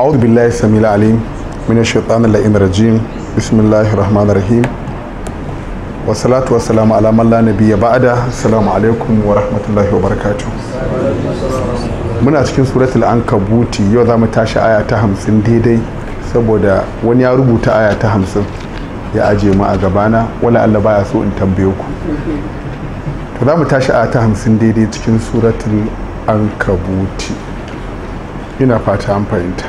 أعوذ بالله السميع العليم من الشيطان اللعين الرجيم بسم الله الرحمن الرحيم والصلاة والسلام على من لا نبي بعده السلام عليكم ورحمة الله وبركاته muna cikin suratul ankabuti yau za mu tashi aya ta hamsin daidai saboda wani ya rubuta aya ta hamsin ya aje mu a gabana wala Allah baya so in tambaye ku to za mu tashi aya ta hamsin daidai cikin suratul ankabuti ina fata an fahimta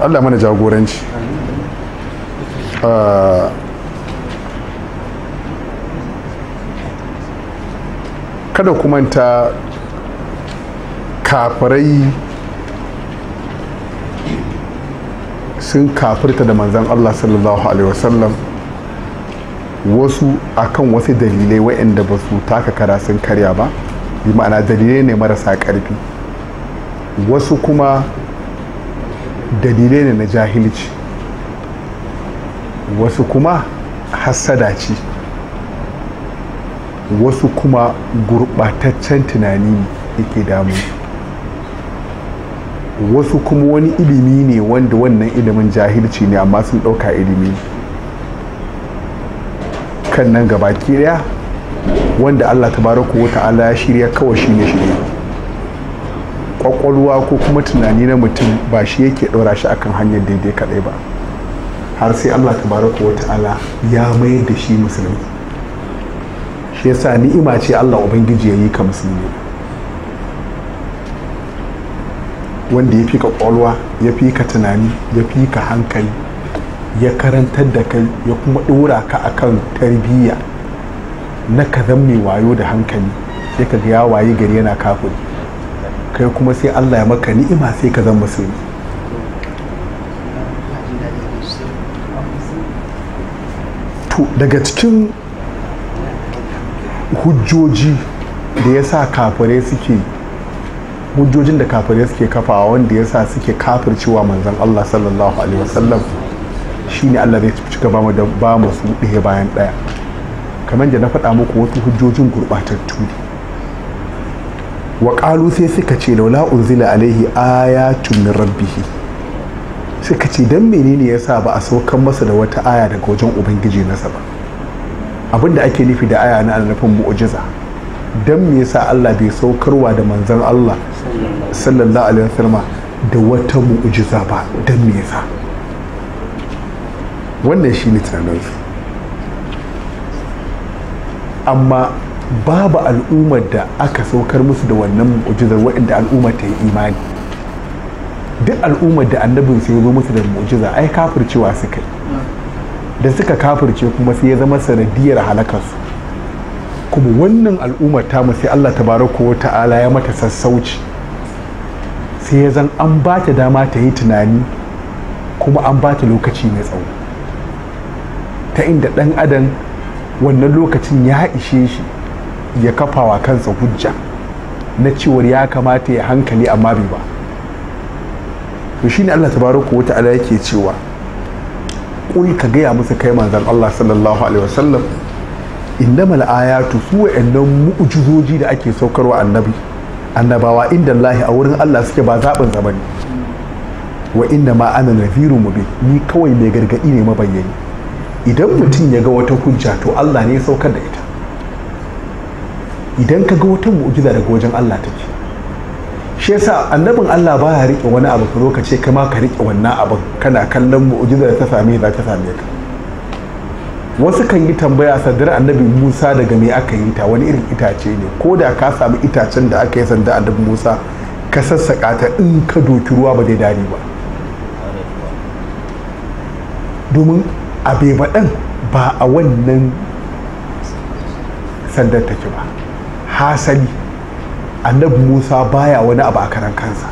allah mana jagoranci ah, kada kumanta kafirai sun kafirta da manzan allah sallallahu alaihi wasallam wasu akan wasu dalilai waɗanda ba su taka kara sun karya ba bi ma'ana dalilai ne marasa ƙarfi wasu kuma dalilai ne na jahilci wasu kuma hassada ce wasu kuma gurɓataccen tunani yake damu wasu kuma wani ilimi ne wanda wannan ilimin jahilci ne amma sun ɗauka ilimi kan nan gabaki ɗaya wanda allah ta baraku wata ala ya shirya kawai shi ne shirya kwakwalwa ko kuma tunani na mutum ba shi yake ɗora shi akan hanyar daidai kaɗai ba har sai allah tabaraka wa ta'ala ya mayar da shi musulmi shi yasa ni'ima ce allah ubangiji ya yi ka musulmi wanda ya fi ka kwakwalwa ya fi ka tunani ya fi ka hankali ya karantar da kai ya kuma ɗora ka akan tarbiyya na ka mai wayo da hankali sai ka ga ya waye gari yana kafuri kai kuma sai Allah ya maka ni'ima sai ka zama musulmi to daga cikin hujjoji da ya sa kafirai suke hujjojin da kafirai suke kafawa wanda ya sa suke kafircewa manzan Allah sallallahu alaihi wasallam shine Allah zai ci gaba da ba masu su ɗaya bayan ɗaya kamar da na faɗa muku wasu hujjojin gurɓatattu ne wa ƙalu sai suka ce laula unzila alaihi ayatun min rabbihi suka ce dan menene yasa ba a saukan masa da wata aya daga wajen ubangiji nasa ba abinda ake nufi da aya na annabin mu'jiza dan me yasa Allah bai saukarwa da manzon Allah sallallahu alaihi wasallam da wata mu'jiza ba dan me yasa wannan shi ne tunanin amma babu al'ummar da aka saukar musu da wannan mu'jizar waɗanda al'ummar ta yi imani duk al'ummar da annabin sai zo musu da mu'jiza ai kafircewa suka yi da suka kafirce kuma sai ya zama sanadiyar halakarsu kuma wannan al'ummar ta sai Allah ta wa ta'ala ya mata sassauci sai ya zan an ba ta dama ta yi tunani kuma an ba ta lokaci mai tsawo ta inda ɗan adam wannan lokacin ya ishe shi ya kafa wa kansa hujja na cewar ya kamata ya hankali amma bai ba to shine Allah tabaraka wa ta'ala yake cewa kul ka gaya musu kai manzon Allah sallallahu alaihi wasallam innamal ayatu su wa'annan mu'jizoji da ake saukarwa annabi annabawa inda Allah a wurin Allah suke ba zabin zamani bane wa inda ma ana mu bi ni kawai mai gargaɗi ne mabayyani idan mutum ya ga wata hujja to Allah ne ya saukar da ita idan ka ga wata mu'jiza daga wajen Allah take shi yasa annabin Allah baya rike wani abu ka zo ka ce kama ka rike wannan abin kana kallon mu'jiza da ta same za ta same ka wasu kan yi tambaya sadar annabi Musa daga me aka yi ta wani irin itace ne ko da ka samu itacen da aka yi sanda annabi Musa ka sassaƙa ta in ka doki ruwa ba zai dare ba domin a bai ba a wannan sandar take ba hasali annabi musa baya wani abu a karan kansa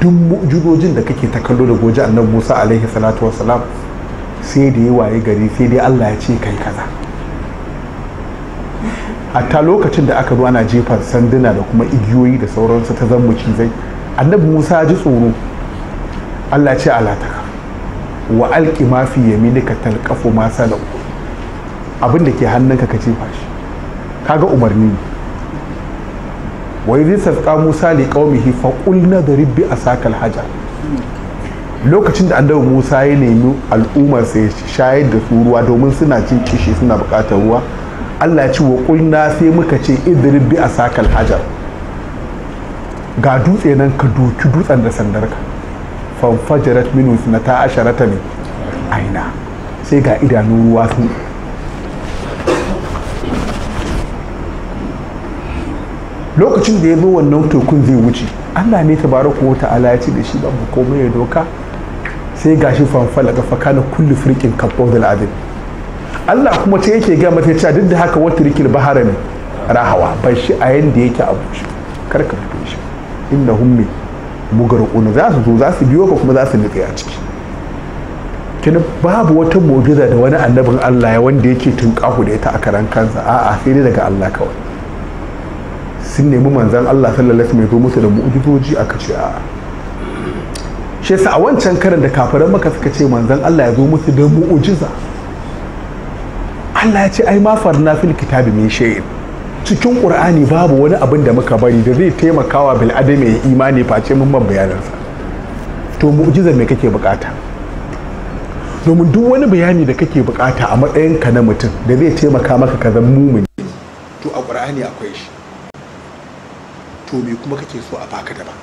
duk mu'jizojin da kake ta kallo da goji annabi musa alaihi salatu wasalam sai da ya waye gari sai dai allah ya ce kai kaza hatta lokacin da aka zo ana jefan sanduna da kuma igiyoyi da sauransu ta zan zai annabi musa ya ji tsoro allah ce alataka wa alki mafi yami nika talqafu ma da abin da ke hannunka ka jefa shi kaga umarni ne wai yi sasqa musa li hifa fa da ribbi a sakal hajar lokacin da annabi musa ya nemi al'ummar sai shayar da su ruwa domin suna cin kishi suna bukatar ruwa allah ya ci wa qulna sai muka ce idrib bi sakal hajar ga dutse nan ka doki dutsen da sandar ka. fanfajarat minus na ta asharata ne aina sai ga idanun ruwa sun lokacin da ya zo wannan tokun zai wuce allah ne tabaraka wa ta'ala ya ce da shi babu komai ya doka sai gashi fanfala ga kulli firkin kabbo da azim Allah kuma ta yake ga mata cewa duk da haka wata rikil bahara ne rahawa bai shi a yanda yake abu shi kar ka fito shi inda hummi mugarquna za su zo za su biyo ka kuma za su nutse a ciki kina babu wata mu'giza da wani annabin Allah ya wanda yake tunƙahu da ta a karan kansa a'a sai dai daga Allah kawai sun nemi manzan Allah sallallahu alaihi wasallam ya zo musu da mu'jizoji aka ce a shi yasa a wancan karin da kafiran maka suka ce manzan Allah ya zo musu da mu'jiza Allah ya ce ai ma farna fil kitabi min shay'in cikin qur'ani babu wani abin da muka bari da zai taimakawa bil adami ya imani face mun man bayanansa to mu'jizar me kake bukata domin duk wani bayani da kake bukata a matsayinka na mutum da zai taimaka maka ka zama mumuni to a qur'ani akwai shi to me kuma kake so a baka daban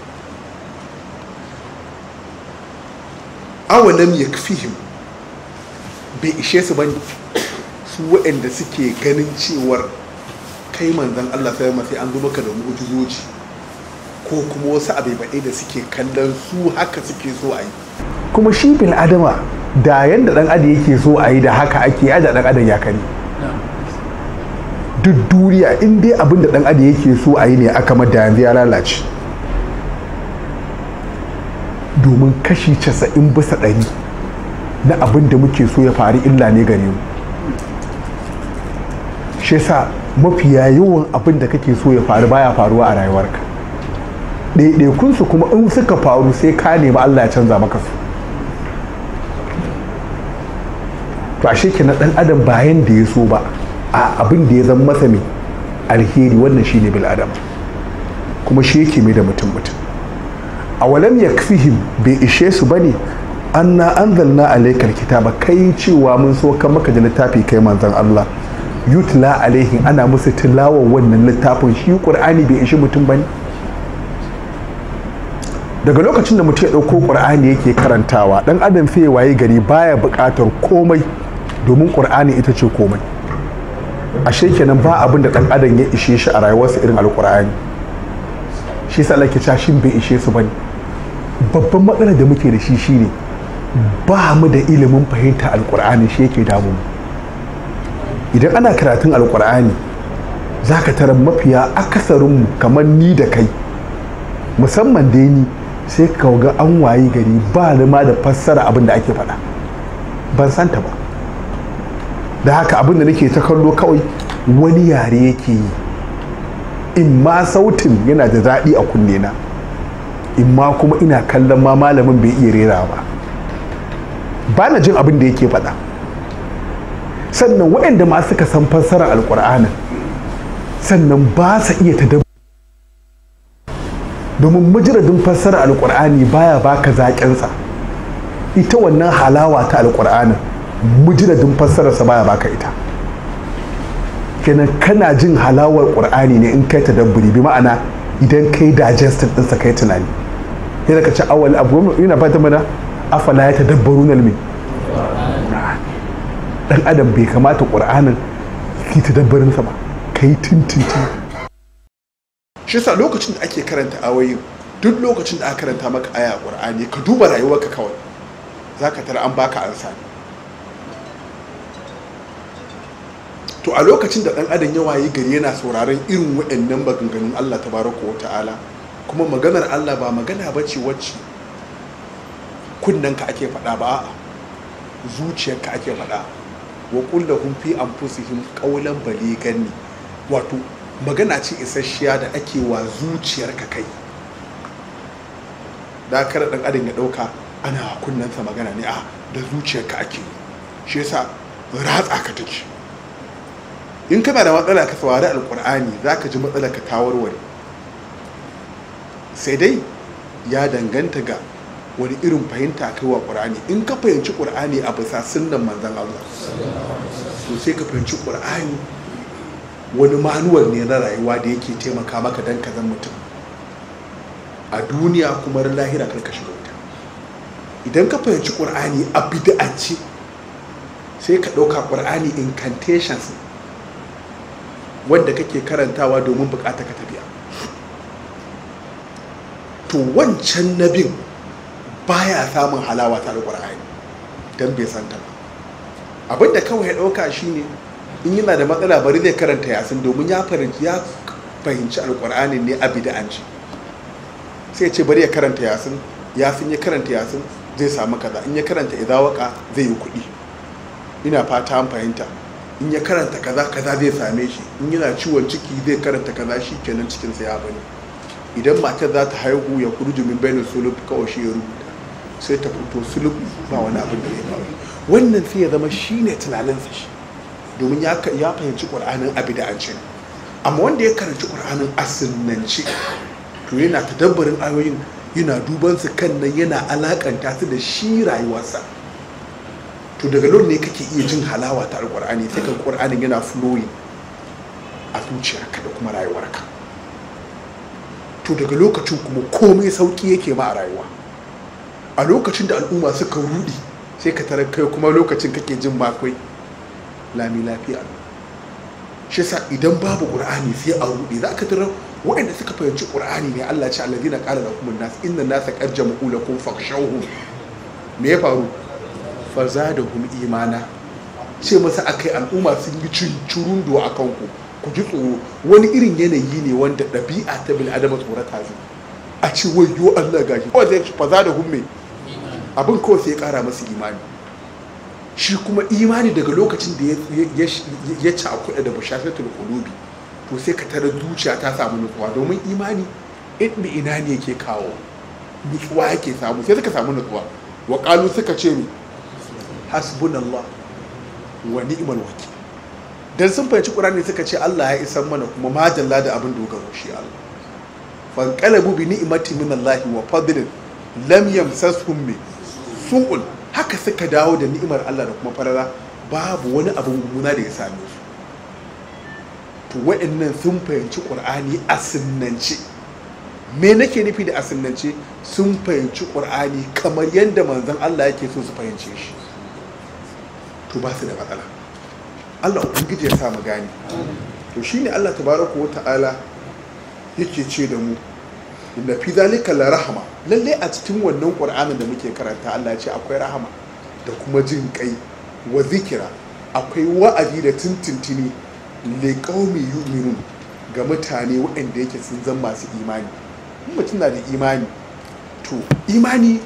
awalam yakfihim bai ishe su bane su waɗanda suke ganin cewar kai manzan Allah sai sai an zo maka da mu'jizoji ko kuma wasu abai da suke kallon su haka suke so a yi kuma shi bil adama da yadda dan adam yake so a yi da haka ake ya da dan adam ya kare duk duniya in dai abin da dan adam yake so a yi ne aka mada ya lalace domin kashi casa'in bisa ɗari na abin da muke so ya faru illa ne gare mu shi sa mafiya yawan abin da kake so ya faru baya faruwa a rayuwarka ɗaiɗaikunsu kuma in suka faru sai ka nemi allah ya canza maka su ba shi ke na ɗan adam bayan da ya so ba a abin da ya zama masa mai alheri wannan shi ne adam kuma shi yake mai da mutum mutum a walam ya fihim bai ishe su ba ne an na an zalna kitaba kai cewa mun so kan maka da littafi kai manzan Allah yutla alaihin ana musu tilawar wannan littafin shi qur'ani bai ishe mutum ba ne daga lokacin da mutum ya ɗauko ƙur'ani yake karantawa ɗan adam fiye waye gari baya buƙatar komai domin ƙur'ani ita ce komai ashe kenan ba abin da dan adam ya ishe shi a rayuwarsa irin alkur'ani shi sa Allah ke shin bai ishe su bane babban matsalar da muke da shi shine ba mu da ilimin fahimta alkur'ani shi yake damu idan ana karatun alkur'ani za ka tara mafiya mu kamar ni da kai musamman dai ni sai ka ga an waye gari ba ma da fassara abin da ake faɗa ban santa ba da haka abin da nake ta kallo kawai wani yare yake yi in ma sautin yana da daɗi a kunne na in ma kuma ina kallon ma malamin bai iya rera ba ba na jin abin da yake faɗa sannan waɗanda ma suka san fassarar alƙur'anin sannan ba sa iya ta domin majiradin fassarar alƙur'ani baya baka zaƙensa ita wannan halawa ta alƙur'anin mujiradin fassararsa baya baka ita kenan kana jin halawar qur'ani ne in kai tadabburi bi ma'ana idan kai digestive ɗinsa kai tunani sai ka ci awal abu yana fata mana afala ya tadabbaru na dan adam bai kamata qur'anin ki sa ba kai tintintin shi sa lokacin da ake karanta awayi duk lokacin da aka karanta maka aya qur'ani ka duba rayuwarka kawai zaka tara an baka ansa to a lokacin da dan adam ya waye gari yana sauraron irin waɗannan maganganun Allah tabaraka wa ta'ala kuma maganar Allah ba magana ba ce wacce kunnanka ake faɗa ba a'a zuciyarka ake faɗa wa kullahum fi anfusihim bale ganni wato magana ce isasshiya da ake wa zuciyarka kai da kar dan adam ya ɗauka, ana kunnansa magana ne a da zuciyarka ake shi yasa ratsa ka take in kana da matsala ka saurari alkur'ani za ka ji matsala ka tawarware sai dai ya danganta ga wani irin fahimta kai wa ƙur'ani in ka fahimci ƙur'ani a bisa sunan manzan Allah to sai ka fahimci ƙur'ani wani manuwar ne na rayuwa da yake taimaka maka don ka zan mutum a duniya kuma da lahira kar ka shiga wuta idan ka fahimci ƙur'ani a bid'ance sai ka ɗauka ƙur'ani incantations wanda kake karantawa domin bukata ka tafiya to wancan nabin baya samun halawa ta alƙur'ani don bai santa ba abin da kawai ya ɗauka shine in yana da matsala bari zai karanta yasin domin ya fahimci alƙur'ani ne a bida'anci sai ce bari ya karanta yasin yasin ya karanta yasin zai samu kaza in ya karanta idawaka zai yi kuɗi ina fata an fahimta in ya karanta kaza kaza zai same shi in yana ciwon ciki zai karanta kaza shi kenan cikinsa ya bane idan matar za ta haihu ya kurju min bainul sulub kawai shi ya rubuta sai ta fito sulub ba wani abin da zai faru wannan sai ya zama shine tunaninsa shi domin ya fahimci qur'anin abida'ancin amma wanda ya karanci qur'anin asinnanci to yana ta dabbarin ayoyin yana duban su kan nan yana alakanta su da shi rayuwarsa to daga lon ne kake iya jin halawa ta alkur'ani sai ka qur'anin yana flowing a zuciyarka da kuma rayuwarka to daga lokacin kuma komai sauki yake ma a rayuwa a lokacin da al'umma suka rudi sai ka tarar kai kuma lokacin kake jin makwai lami lafiya shi sa idan babu qur'ani sai a rudi za ka tarar waɗanda suka fahimci qur'ani ne Allah ce allah qala kara an-nas inna nasa qad jama'u lakum fakhshawhum me ya faru za da hum imana ce masa akai al'umma sun yi cincurun duwa a kanku ku ji tsoro wani irin yanayi ne wanda ɗabi'a ta bil adama tsorata zo a ce wayo Allah gashi kawai zai za da hum abin kawai sai ya kara masa imani shi kuma imani daga lokacin da ya ci a da bashashatul qulubi to sai ka tara zuciya ta samu nutsuwa domin imani inda ina ne yake kawo nutsuwa yake samu sai suka samu nutsuwa wa suka ce hasbunallah wa ni'mal wakil dan sun fahimci qur'ani suka ce Allah ya isan mana kuma majalla da abin dogaro shi Allah fan qalabu bi ni'mati minallahi wa fadlin lam yamsashum bi su'ul haka suka dawo da ni'imar Allah da kuma farara babu wani abu guna da ya same su to waɗannan sun fahimci qur'ani a sunnance me nake nufi da a sunnance sun fahimci qur'ani kamar yadda manzon Allah yake so su fahimce shi to ba su da matsala Allah ubangiji ya sa mu gane to shine Allah tabaraku wa ta'ala yake ce da mu inda fi zalika la rahama lalle a cikin wannan qur'anin da muke karanta Allah ce akwai rahama da kuma jin kai wa zikira akwai wa'azi da tintintini li qaumi yu'minun ga mutane waɗanda yake sun zan masu imani mutum na da imani to imani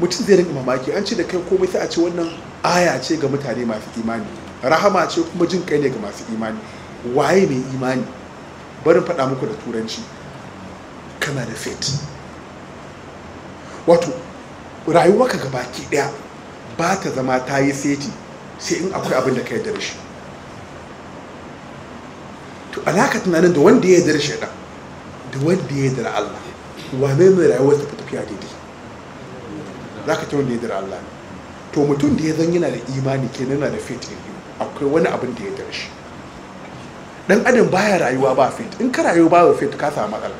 mutum zai rinka mamaki an ce da kai komai sai a ce wannan aya ce ga mutane masu imani rahama ce kuma jin kai ne ga masu imani waye mai imani barin faɗa muku da turanci kana da fit wato rayuwarka ga baki ɗaya ba ta zama ta yi seti sai in akwai abin da ka yi da shi to alaka tunanin da wanda ya yi da da wanda ya yi dara Allah wane ne rayuwar ta tafiya daidai za ka ta wanda ya yi Allah ne to mutum da ya zan yana da imani kenan nuna da faith in yi akwai wani abin da ya darshi dan adam baya rayuwa ba faith in ka rayu ba faith ka samu matsala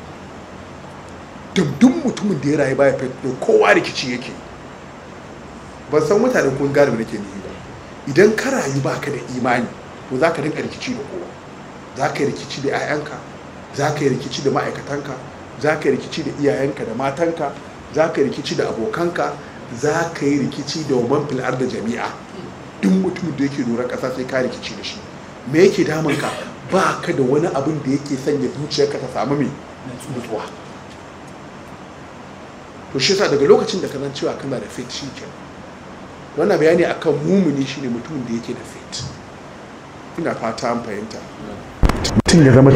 duk mutumin da ya rayu baya faith to kowa rikici yake ban san mutane kun gane nake nihi ba idan ka rayu baka da imani to za ka rinka rikici da kowa za ka yi rikici da 'ya'yanka za ka yi rikici da ma'aikatanka za ka yi rikici da iyayenka da matanka za ka yi rikici da abokanka za ka yi rikici da waman fil'ar da jami'a duk mutum da yake lura ƙasa sai ka rikici da shi me yake damun ka ba ka da wani abin da yake sanya zuciyarka ta samu mai nutsuwa to shi yasa daga lokacin da ka zan cewa kana da fit shi ke wannan bayani akan mumuni shine mutum da yake da fit ina fata an fahimta mutum ya zama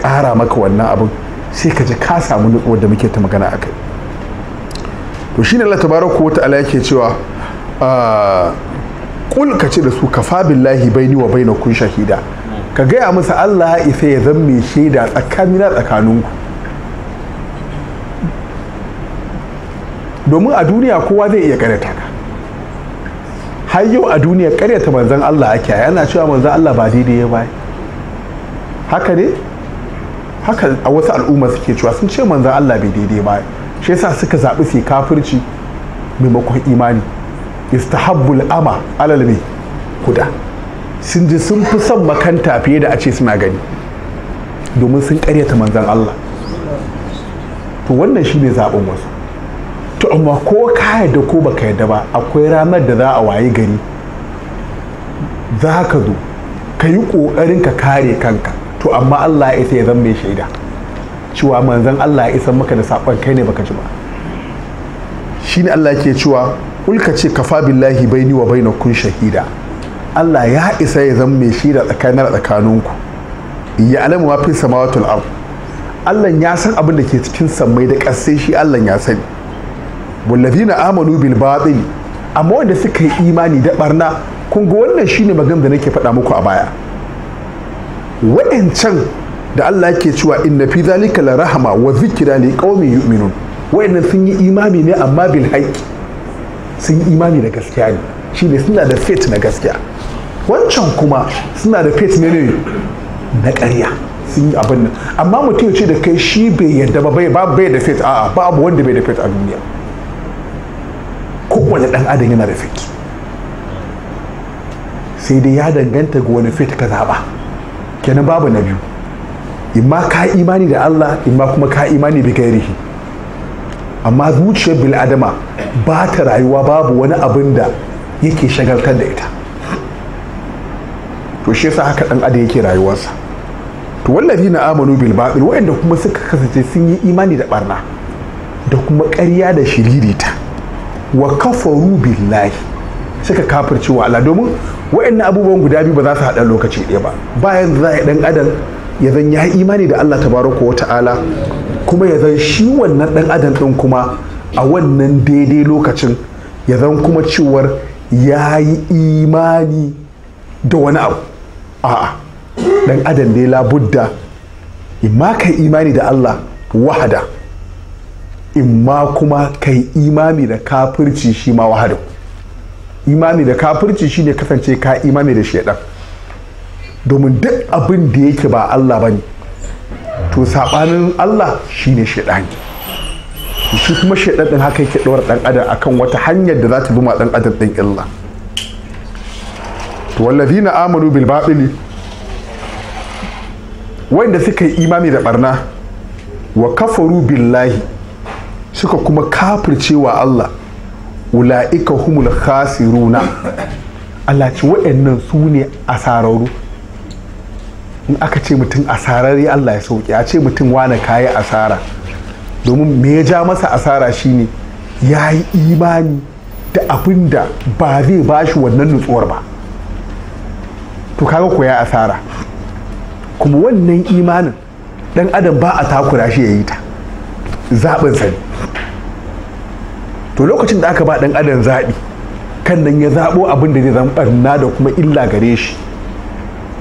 ƙara maka wannan abin sai ka ji ka samu nutsuwar da muke ta magana a kai to shine Allah tabaraka ta'ala yake cewa kul ah, ka ce da su kafa billahi baini wa bainakum shahida ka gaya musu Allah ya isa ya zamme shaida tsakanina tsakaninku domin a duniya kowa zai iya karyata ka har yau a duniya karyata manzan Allah ake yana cewa manzan Allah ba daidai ya bai haka ne haka a wasu al'umma suke cewa sun ce manzan Allah bai daidai ba shi yasa suka zaɓi su kafirci maimakon imani istahabbul ama alalmi huda sun ji sun fi son makanta fiye da a ce suna gani domin sun ta manzan Allah to wannan shine zaɓin wasu to amma ko ka yadda ko baka yadda ba akwai ranar da za a wayi gari za ka zo ka yi ƙoƙarin ka kare kanka to amma Allah ya isa ya zama mai shaida cewa manzan Allah ya isa maka da saƙon kai ne baka ji ba Shi ne Allah ke cewa ulka ce kafa billahi baini wa kun shahida Allah ya isa ya zama mai shida tsakanin tsakaninku ya alamu ma fi samawatul ard Allah ya san abin da ke cikin sammai da ƙasai shi Allah ya sani wallazina amanu bil batil amma wanda suka yi imani da barna kun ga wannan shine magan da nake faɗa muku a baya Waɗancan. da Allah yake cewa inna fi zalika la rahama wa zikra li qaumin yu'minun wayannan sun yi imani ne amma bil haqi sun yi imani da gaskiya ne shine suna da faith na gaskiya wancan kuma suna da faith ne ne na ƙarya sun yi abin nan amma mutum ya ce da kai shi bai yadda ba bai bai da faith a'a babu wanda bai da faith a duniya kowane dan adam yana da faith sai dai ya danganta ga wani faith ka zaba kenan babu na biyu imma ka imani da Allah imma kuma ka imani bi gairihi amma zuciyar bil'adama ba ta rayuwa babu wani abin da yake shagaltar da ita to shi yasa haka dan ada yake rayuwarsa to wallazi na amanu bil babil waɗanda kuma suka kasance sun yi imani da barna da kuma ƙarya da shiririta wa kafaru billahi suka kafirce wa Allah domin waɗannan abubuwan guda biyu ba za su haɗa lokaci ɗaya ba bayan za a yi ɗan adam ya zan ya imani da Allah tabaraka wa ta'ala kuma ya zan shi wannan dan adam din kuma a wannan daidai lokacin ya zan kuma cewar ya yi imani da wani abu a'a dan adam dai labudda ma kai imani da Allah wahada in ma kuma kai imani da kafirci shi ma wahada imani da kafirci shi ne kasance ka imani da shaidan domin duk abin da yake ba Allah ba ne to saɓanin Allah shine shaidani shi kuma shaidan ɗin haka yake ɗaura ɗan adam akan wata hanyar da za ta bi ma ɗan adam ɗin illa to wallazina amanu bil babili wanda suka yi imani da barna wa kafaru billahi suka kuma kafircewa Allah ula'ika humul khasiruna Allah ce waɗannan su ne a sararu. in aka ce mutum asararri Allah ya sauki a ce mutum wane kayi asara domin me ya ja masa asara shine ya yi imani da abin da ba zai bashi wannan nutsuwar ba to kaga ko ya asara kuma wannan imanin dan adam ba a takura shi ya yi ta zaɓin sani to lokacin da aka ba dan adam zaɓi kan nan ya zaɓo abin da zai zama ɓarna da kuma illa gare shi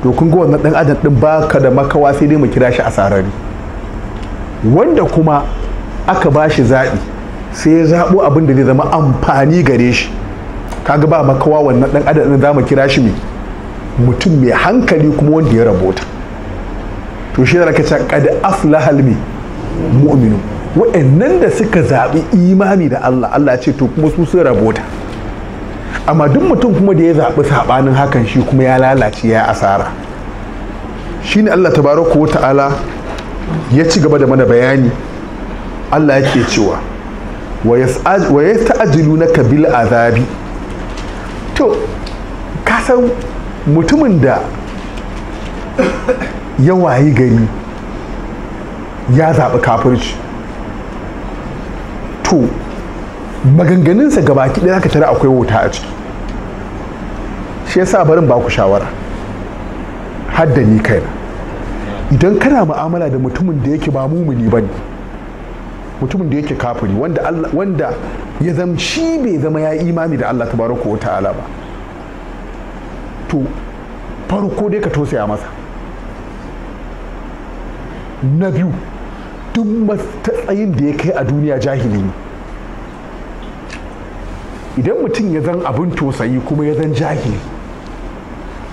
to kun ga wannan dan adam din baka da makawa sai dai mu kira shi a sarari wanda kuma aka ba shi zaɓi sai ya zaɓo abin da zai zama amfani gare shi kaga ba makawa wannan dan adam din zamu kira shi mai mutum mai hankali kuma wanda ya rabota to shi da ce kad aflahal mu'minu wa'annan da suka zaɓi imani da Allah Allah ce to kuma su sun rabota amma duk mutum kuma da ya zaɓi saɓanin hakan shi kuma ya lalace ya asara shi ne Allah tabaraka wa ta'ala ya ci gaba da mana bayani Allah ya ke cewa wa na bil azabi to kasan mutumin da ya wayi gari ya zaɓi kafirci to maganganunsa gabaki ɗaya aka tara akwai wuta a ciki shi yasa barin ba ku shawara hadda ni kaina idan kana mu'amala da mutumin da yake ba mumuni ba ne mutumin da yake kafiri wanda ya zama shi bai zama ya imani da Allah tabaraka wa ta'ala ba to farko dai ka tosaya masa na biyu duk matsayin da ya kai a duniya jahili ne idan mutum ya zan abin tosayi kuma ya zan jahili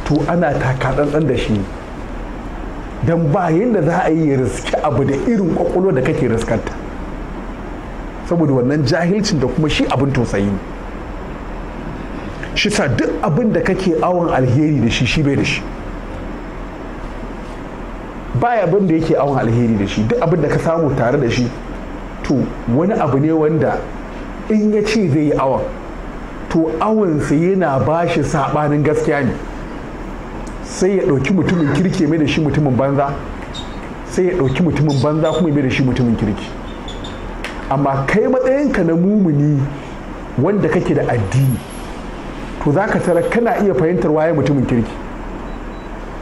to ana taka ɗanɗan da shi don bayan da za a yi riski abu da irin kwakwalwa da kake riskanta saboda wannan jahilcin da kuma shi abin tosayi shi sa duk abin da kake awon alheri da shi shi bai da shi baya abin da yake awon alheri da shi duk abin da ka samu tare da shi to wani abu ne wanda in ya ce zai yi awon to awansa yana ba shi saɓanin gaskiya ne sai ya ɗauki mutumin kirki mai da shi mutumin banza sai ya ɗauki mutumin banza kuma mai da shi mutumin kirki amma kai matsayinka na mumuni wanda kake da addini to za ka tara kana iya fahimtar waye mutumin kirki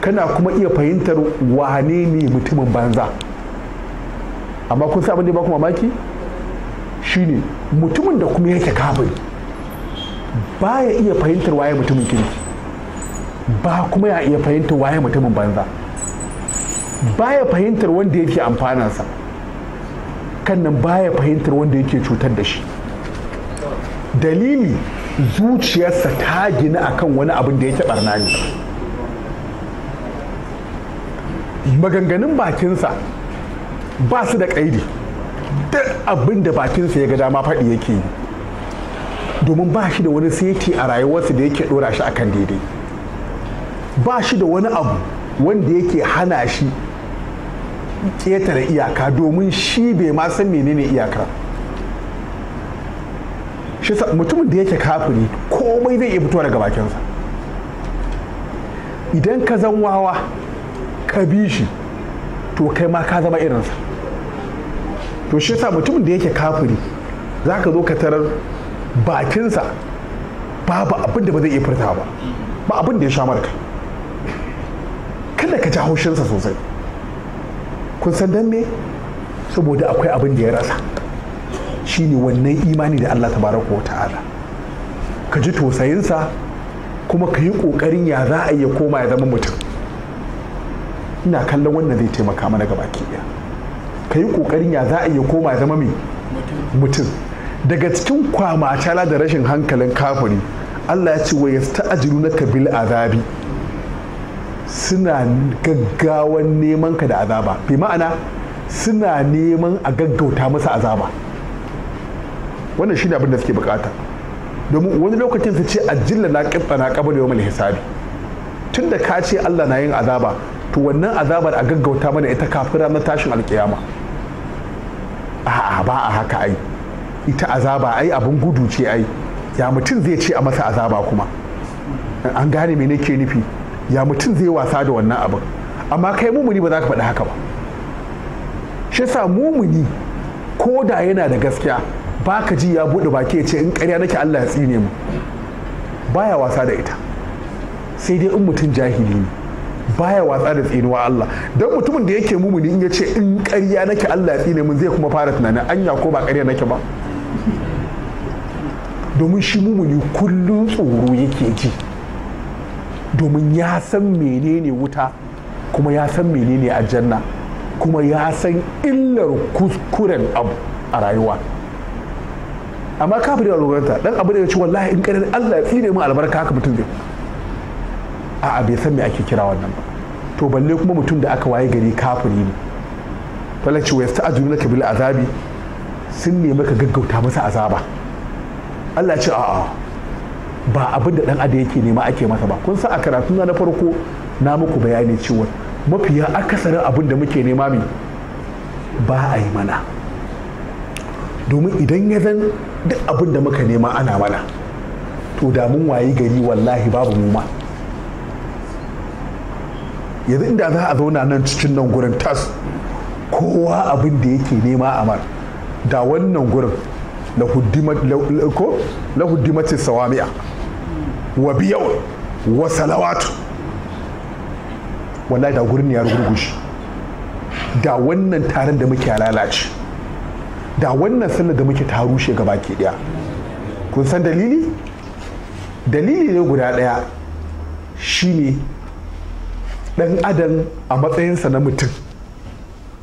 kana kuma iya fahimtar wane ne mutumin banza amma kun sa abin da ba ku mamaki shine mutumin da kuma yake kafin ba ya iya fahimtar waye mutumin kirki ba kuma ya iya fahimtar waye mutumin banza ba ya fahimtar wanda yake amfanansa kan nan ba ya fahimtar wanda yake cutar da shi dalili zuciyarsa ta gina kan wani abin da yake barna ne maganganun bakinsa ba su da ƙaidi duk abin da bakinsa ya ga dama faɗi yake yi domin ba shi da wani seti a rayuwarsa da yake dora shi akan daidai ba shi da wani abu wanda yake hana shi ƙetare iyaka domin shi bai ma san menene iyaka shi sa mutumin da yake kafiri komai zai iya fito daga bakinsa idan ka zan wawa ka bi shi to kai ma ka zama irinsa to shi sa mutumin da yake kafiri za ka zo ka tarar bakinsa babu abin da ba zai iya furta ba ba abin da ya sha marka kada ka ji haushinsa sosai kun san dan me saboda akwai abin da ya rasa shine wannan imani da Allah tabaraka wa ta'ala ka ji tosayinsa kuma ka yi kokarin ya za a iya koma ya zama mutum ina kallon wannan zai taimaka mana gaba ɗaya ka yi kokarin ya za a iya koma ya zama mutum daga cikin kwama cala da rashin hankalin kafiri Allah ya ce wa ya ajiru na kabil azabi suna gaggawan neman ka da azaba bi ma'ana suna neman a gaggauta masa azaba wannan shi ne abin da suke bukata domin wani lokacin su ce ajilla na kitsa na mai hisabi tun da ka ce Allah na yin azaba to wannan azabar a gaggauta mana ita kafin ranar tashin alkiyama a'a ba a haka ai ita azaba ai abin gudu ce ai ya mutum zai ce a masa azaba kuma an gane me nake nufi ya mutum zai wasa da wannan abin amma kai mumuni ba za ka faɗi haka ba shi sa mumuni ko da yana da gaskiya ba ka ji ya buɗe baki ya ce in ƙarya nake Allah ya tsine mu baya wasa da ita sai dai in mutum jahili ne baya wasa da tsinuwa Allah don mutumin da yake mumuni in ya ce in ƙarya nake Allah ya tsine mu zai kuma fara tunanin anya ko ba ƙarya nake ba domin shi mumuni kullum tsoro yake ji domin ya san menene wuta kuma ya san menene aljanna kuma ya san illar kuskuren abu a rayuwa amma kafin da loranta dan abu da ya ci wallahi in kanin Allah ya ne mu albarka haka mutum zai a'a bai san me ake kira wannan ba to balle kuma mutum da aka waye gari kafiri ne falanci wa kabila bil azabi sun nemi ka gaggauta masa azaba Allah ce a'a ba abin da dan ada yake nema ake masa ba kun san a karatu na farko na muku bayani cewa mafiya akasarin abin da muke nema mi ba a yi mana domin idan ya zan duk abin da muka nema ana mana to da mun wayi gari wallahi babu mu ma yanzu inda za a zauna nan cikin nan gurin tas kowa abin da yake nema a mar da wannan gurin la huddimat ko wa biyau wa salawatu wallahi da gurin ya rugurgushi da wannan taron da muke lalace da wannan sallar da muke ta rushe gaba ke daya kun san dalili dalili ne guda daya shine dan adam a matsayinsa na mutum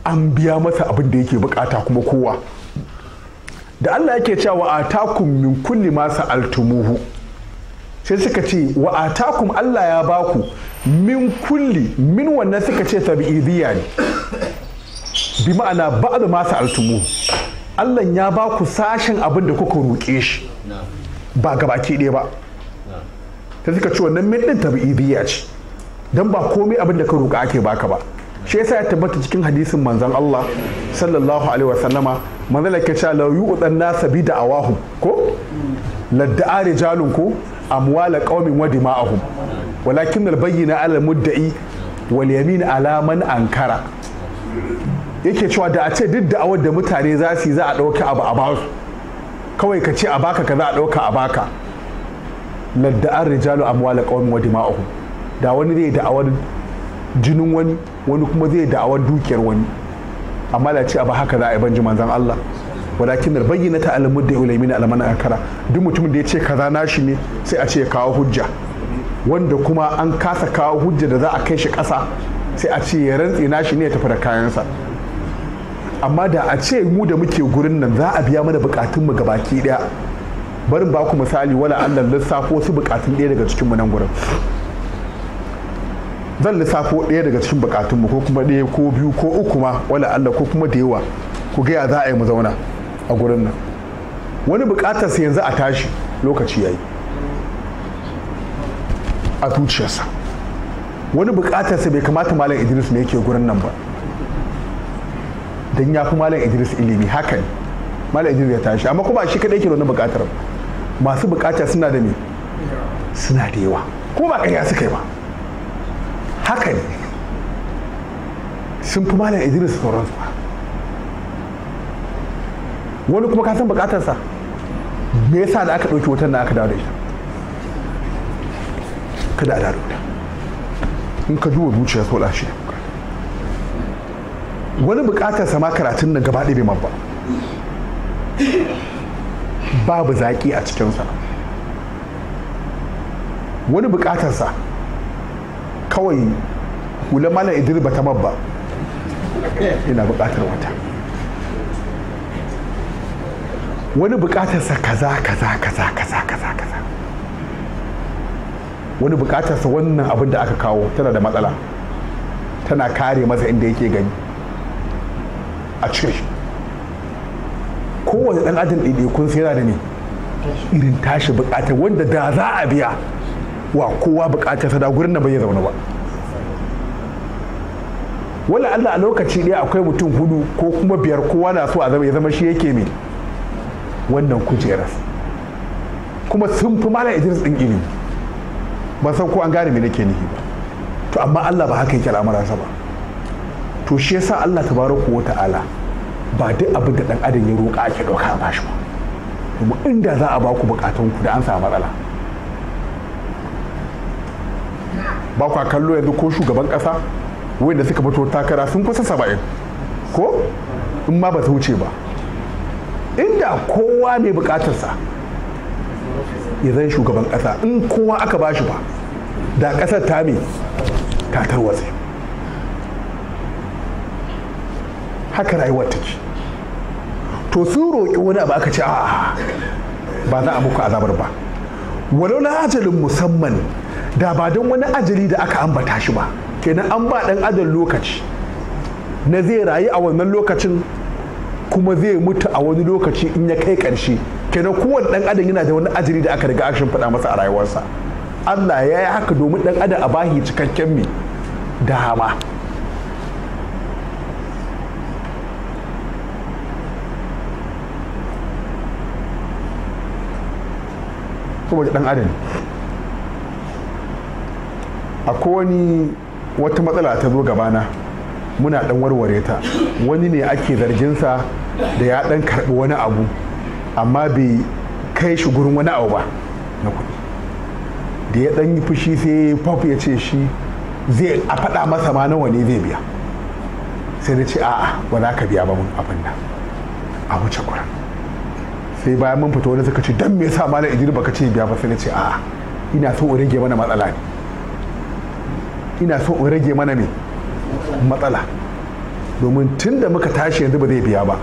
an biya masa abin da yake bukata kuma kowa da Allah yake cewa wa atakum min kulli ma sa'altumuhu sai suka ce wa atakum Allah ya baku min kulli min wannan suka ce tabi'idiyya ne bi ma'ana ba'da ma sa'altumuhu Allah ya baku sashen abin da kuka roƙe shi ba gabaki ɗaya ba sai suka ce wannan min din tabi'idiyya ce dan ba komai abin da ka roƙa ake baka ba shi yasa ya tabbata cikin hadisin manzon Allah sallallahu alaihi wa manzon da ke cewa la yu'dan nasa bi da'awahum ko ladda'a rijalun ko amwala qaumin wa dima'ahum walakin albayyina ala mudda'i wal yamin ala man ankara yake cewa da a ce duk da'awar da mutane za su yi za a dauki abu a ba su kawai ka ce a baka ka za a dauka a baka ladda'a rijalu amwala qaumin wa dima'ahum da wani zai da'awar jinin wani wani kuma zai da'awar dukiyar wani amma da ce abu haka za a yi banji manzan Allah walakin da bayyana ta alamud da na alaman akara duk mutumin da ya ce kaza nashi ne sai a ce ya kawo hujja wanda kuma an kasa kawo hujja da za a kai shi ƙasa sai a ce ya rantse nashi ne ya tafi da kayansa amma da a ce mu da muke gurin nan za a biya mana bukatunmu ga baki daya barin ba ku misali wala allah lissafo su bukatun ɗaya daga cikin mu nan gurin zan lissafo ɗaya daga cikin bukatunmu ko kuma ɗaya ko biyu ko uku ma wala Allah ko kuma da yawa ku gaya za a yi mu zauna a gurin nan wani bukatar sa yanzu a tashi lokaci yayi a zuciyarsa wani bukatar sa bai kamata malam Idris ne yake gurin nan ba dan ya fi malam Idris ilimi haka ne malam Idris ya tashi amma kuma shi kadai yake da wani bukatar masu bukata suna da me suna da yawa kuma ba ya suka yi ba haka ne sun fi malam idris sauransu ba wani kuma kasan bukatarsa me yasa da aka ɗauki wutar na aka dawo da ita kada a dawo da in ka duba zuciya sau lashe wani bukatarsa ma karatun na gaba ɗaya bai ba babu zaƙi a cikinsa wani bukatarsa kawai hula malam idir ba ta babba ina buƙatar wata wani bukatarsa kaza kaza kaza kaza kaza kaza wani sa wannan abin da aka kawo tana da matsala tana kare masa inda yake gani a cire kowane ɗan adam ɗaiɗaikun sai yana da ne irin tashi bukatar wanda da za a biya wa kowa bukatar ta da gurin na bai zaune ba wala Allah a lokaci ɗaya akwai mutum hudu ko kuma biyar kowa na so a zama ya zama shi yake ne wannan kujerar kuma sun fi mala idris ɗin ilimi ba san ko an gane me nake nihi ba to amma Allah ba haka yake sa ba to shi yasa Allah tabaraka wa ta'ala ba duk abin da dan adam ya roƙa ake ɗauka ba shi ba kuma inda za a ba ku bukatun ku da an samu matsala ba kwa kallo yanzu ko shugaban kasa wanda suka fito takara sun kusa saba'in ko in ma ba ta wuce ba inda kowa mai bukatarsa ya zai shugaban kasa in kowa aka ba shi ba da kasar ta mai ta tarwatse haka rayuwar take to sun roƙi wani abu aka ce a ba za a muku azabar ba walau na ajalin musamman da ba don wani ajali da aka ambata shi ba kenan an ba dan adam lokaci na zai rayu a wannan lokacin kuma zai mutu a wani lokaci in ya kai karshe kenan kowane dan adam yana da wani ajali da aka riga shin faɗa masa a rayuwarsa Allah ya yi haka domin dan adam a bahi cikakken mi dama saboda dan adam akwai wani wata matsala ta zo gabana muna dan warware ta wani ne ake zarginsa da ya dan karbi wani abu amma bai kai shi gurin wani abu ba na kuɗi da ya dan yi fushi sai pop ya ce shi zai a faɗa masa ma nawa ne zai biya sai na ce a'a ba za ka biya ba mun abin nan a wuce kuran sai bayan mun fito wani suka ce don me yasa malam ba baka ce biya ba sai na ce a'a ina so in rage mana matsala ne ina so in rage mana mai matsala domin tun da muka tashi yanzu ba zai biya ba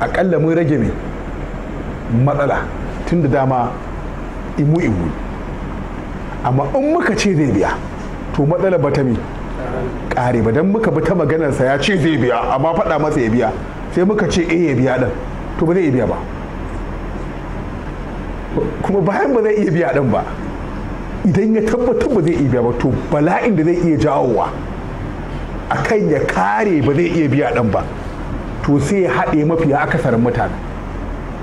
akalla mun rage mai matsala tun da dama imu imu amma in muka ce zai biya to matsala ba ta mai kare ba don muka bi ta maganarsa ya ce zai biya amma faɗa masa ya biya sai muka ce eh ya biya ɗin to ba zai iya biya ba kuma bayan ba zai iya biya ɗin ba idan ya tabbatar ba zai iya biya ba to bala'in da zai iya jawowa a kan ya kare ba zai iya biya dan ba to sai ya haɗe mafiya akasarin mutane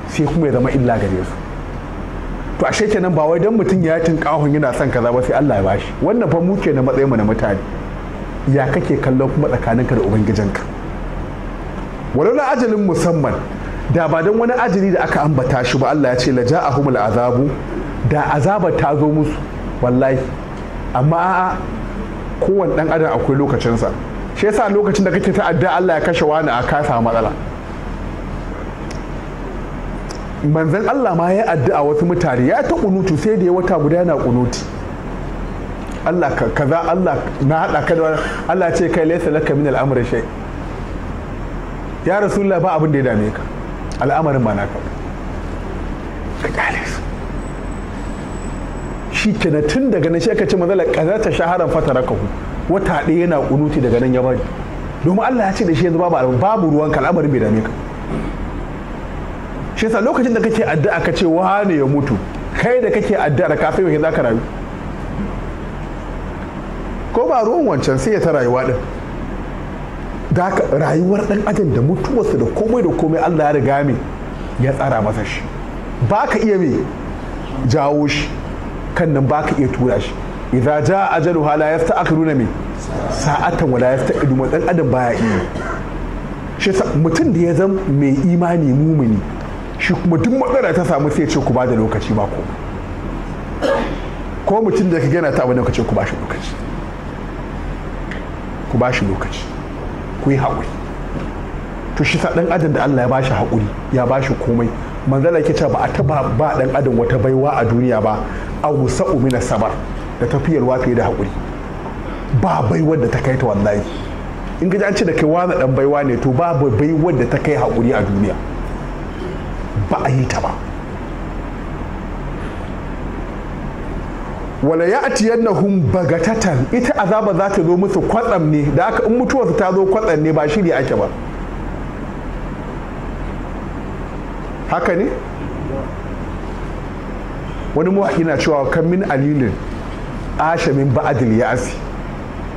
sai kuma ya zama illa gare su to ashe nan ba wai dan mutum ya tin kahon yana son kaza ba sai Allah ya bashi wannan fa mu na matsayin mu na mutane ya kake kallon kuma tsakaninka da ubangijinka walau na ajalin musamman da ba don wani ajali da aka ambata shi ba Allah ya ce la ja'ahumul azabu da azaba ta zo musu wallahi amma a'a kowane dan adam akwai lokacinsa shi yasa lokacin da kake ta'adda Allah ya kashe wani a kasa matsala manzon Allah ma ya addu'a wasu mutane ya ta kunutu sai da ya wata guda yana kunuti Allah kaza Allah na hada ka da Allah ce kai laysa laka min al'amri shay ya rasulullah ba abin da ya dame ka al'amarin ba naka ba shi kenan tun daga nan shi aka ce manzala kazata shaharan fatara kahu wata ɗaya yana kunuti daga nan ya bari domin Allah ya ce da shi yanzu babu babu ruwan ka al'amarin bai dame ka shi yasa lokacin da kake addu'a ka ce wane ya mutu kai da kake addu'ar ka fi yake zaka rayu ko ba ruwan wancan sai ya ta rayuwa din da rayuwar dan adam da mutuwarsa da komai da komai Allah ya riga me ya tsara masa shi Baka iya mai jawo shi kan nan baka iya tura shi idza ja ajalu hala yasta'khiruna me sa'atan wala yasta'iduna dan adam baya iya shi mutum da ya zama mai imani mumuni shi kuma duk matsala ta samu sai ce ku ba da lokaci ba ko ko mutum da ka gana ta abin lokaci ku ba shi lokaci ku ba shi lokaci ku yi haƙuri to shi sa dan adam da Allah ya ba shi haƙuri ya ba shi komai manzala ke cewa ba a taba ba dan adam wata baiwa a duniya ba a sa'u umina sabar da tafiyar wata da haƙuri ba bai wadda ta kai ta wallahi in gaji an ce da kai wani dan baiwa ne to babu bai wadda ta kai haƙuri a duniya ba a yi ta ba wala ya atiyannahum bagatatan ita azaba za ta zo musu kwatsam ne da aka in mutuwarsu ta zo kwatsam ne ba shiri ake ba haka ne wani mawaƙi na cewa kan min alilin asha min ba'adil ya asi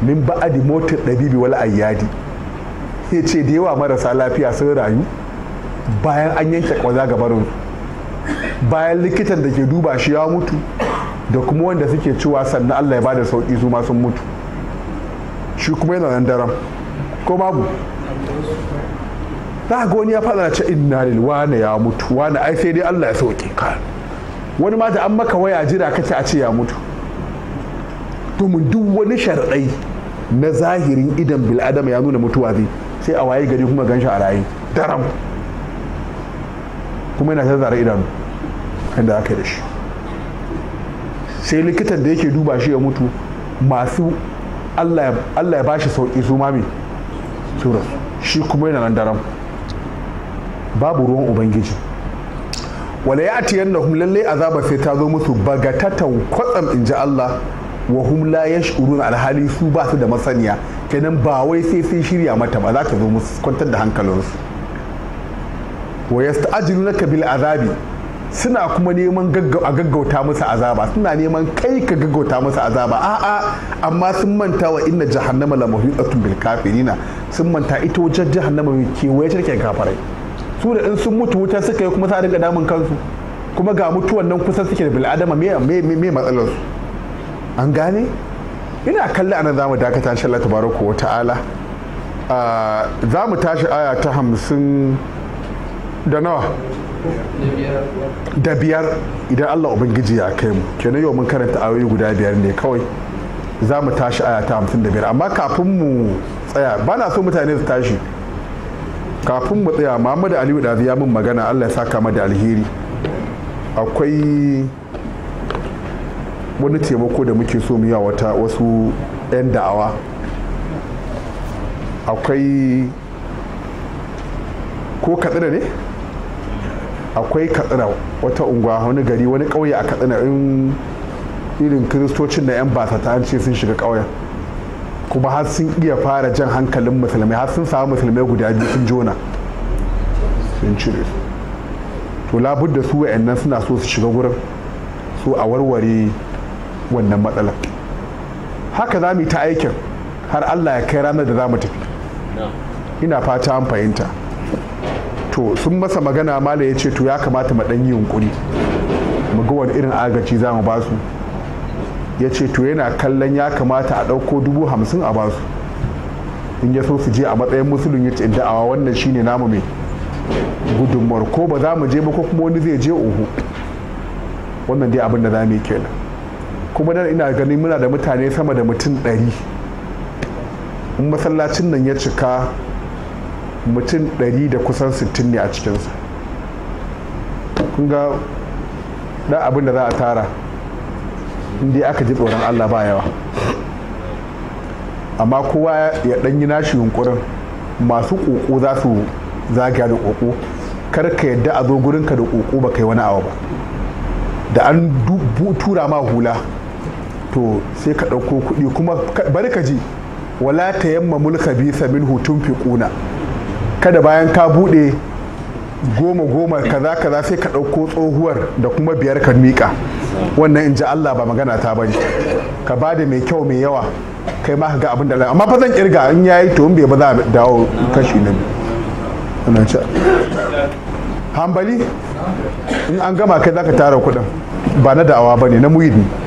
min ba'adi motar ɗabibi wala ayyadi ya ce da yawa marasa lafiya sun rayu bayan an yanke kwaza ga barin bayan likitan da ke duba shi ya mutu da kuma wanda suke cewa sannan allah ya bada sauki su sun mutu shi kuma yana nan daram ko babu za ga ya faɗa ce inna lil wane ya mutu wane ai sai dai allah ya sauke ka wani ma da an maka waya jira ce a ce ya mutu domin duk wani sharadai na zahirin idan bil'adama ya nuna mutuwa zai sai a waye gari kuma ganshi a raye daram kuma yana zazzara idanu inda aka da shi sai likitan da yake duba shi ya mutu masu allah ya bashi sauki su mami shi kuma yana nan daram babu ruwan ubangiji wala ya yanda hum lallai azaba sai ta zo musu bagatatan kwatsam in ji Allah wa hum la alhali su ba su da masaniya kenan ba wai sai sun shirya mata ba za ta zo musu kwantar da hankalinsu wa yasta'jilunaka bil azabi suna kuma neman a gaggauta musu azaba suna neman kai ka gaggauta musu azaba a'a amma sun manta wa inna jahannama la muhitatun bil kafirina sun manta ita wajen jahannama kewaye take kafirai su da in sun mutu wuta suka yi kuma sa dinga damun kansu kuma ga mutuwan nan kusan suke da bil'adama mai matsalarsu matsalar su an gane ina kalli anan zamu dakata shi Allah tabaraka wa ta'ala ah, za mu tashi aya ta hamsin da nawa da biyar idan Allah ubangiji ya kai mu kenan yau mun karanta ayoyi guda biyar ne kawai za mu tashi aya ta hamsin da biyar amma kafin mu tsaya ba na so mutane su tashi kafin mu tsaya muhammadu aliyu dazi ya min magana allah ya saka da alheri akwai wani taimako da muke so miya wata wasu 'yan da'awa akwai ko katsina ne akwai katsina wata unguwa wani gari wani ƙauye a katsina in irin kiristocin da 'yan basata ta ce sun shiga ƙauyen kuma har sun iya fara jan hankalin musulmai har sun samu musulmai guda biyu sun jona sun cire to labud da su wa'annan suna so su shiga gurin so a warware wannan matsalar haka za mu yi ta aikin har allah ya kai ranar da za mu tafi ina fata an fahimta to sun masa magana mala ya ce to ya kamata mu ɗan yi yunkuri mu ga wani irin agaci za mu ba su ya ce to yana kallon ya kamata a ɗauko dubu hamsin a basu in ya so su je a matsayin musulun ya ce da'awa wannan shine namu mai gudunmuwar ko ba za mu je ba ko kuma wani zai je uhu wannan dai abin da za mu yi kenan kuma nan ina ganin muna da mutane sama da mutum ɗari in masallacin nan ya cika mutum ɗari da kusan sittin ne a cikinsa kun ga abin da za a tara inda aka ji tsoron Allah ba yawa amma kowa ya ɗanyi yi nashi yunkurin masu ƙoƙo za su zagaya da ƙoƙo kar ka yadda a zo gurinka da ƙoƙo ba kai wani awa ba da an tura ma hula to sai ka ɗauko kuɗi kuma bari ka ji wala ta yamma mulka bi samin hutun fi ƙuna kada bayan ka buɗe goma goma kaza kaza sai ka ɗauko tsohuwar da kuma biyar ka miƙa wannan in ji Allah ba magana ta bane ka ba da mai kyau mai yawa kai ma ka ga abin da Allah amma fa zan kirga in yayi to in bai ba za a dawo kashi na biyu hambali in an gama kai zaka tara kuɗin ba na da'awa bane na muhid ne